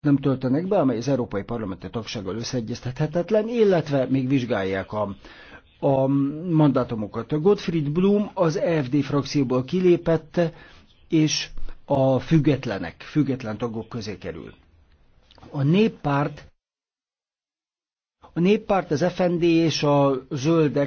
nem töltenek be, amely az Európai Parlamenti tagsággal összeegyeztethetetlen, illetve még vizsgálják a, a mandátumokat. Gottfried Blum az EFD frakcióból kilépett, és a függetlenek, független tagok közé kerül. A néppárt a néppárt, az FND és a zöldek